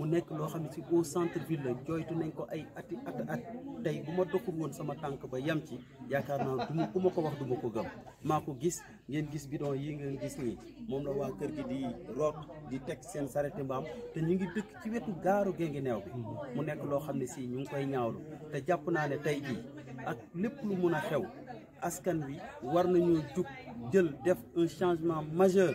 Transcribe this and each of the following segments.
mu nekk loo xam ne si au centre ville la jooytu nañ ko ay ati at at tey bu ma doxul woon sama tànk ba yam ci yaakaar naa du ma ku ma ko wax du ma ko gëm maa ko gis ngeen gis bidon yi ngeen gis nii moom la waa kër gi di root di teg seen sareté mbaam te ñu ngi dëkk ci wetu gaaru neew bi mu nekk loo xam ne si ñu ngi koy ñaawlu te jàpp naa ne tey jii ak lépp lu mun a xew askan wi war nañu jug jël def un changement majeur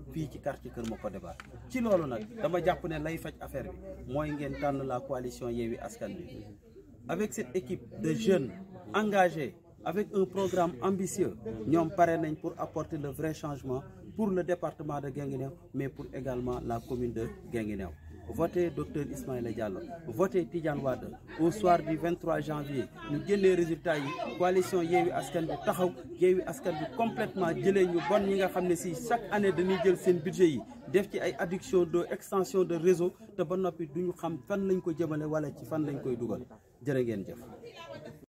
fii ci quartier Kër Macoda ce ci loolu nag dama jàpp ne lay affaire bi ngeen la coalition Askan avec cette équipe de jeunes engagés avec un programme ambitieux nous sommes nañ pour apporter le vrai changement pour le département de Guinguinéo mais pour également la commune de Guinguinéo voté docteur Ismaïla Diallo voté Tidiane Wade au soir du 23 janvier nous génnee résultats. yi coalition Yewwi Askan Wi taxaw Yewwi Askan Wi complètement jëlé ñu bon ñi nga xam ne chaque année dañuy jël seen budget yi def ci ay adduction de extension de réseau te ba nopi duñu xam fan lañ ko jëmale wala ci fan lañ koy duggal jërë jëf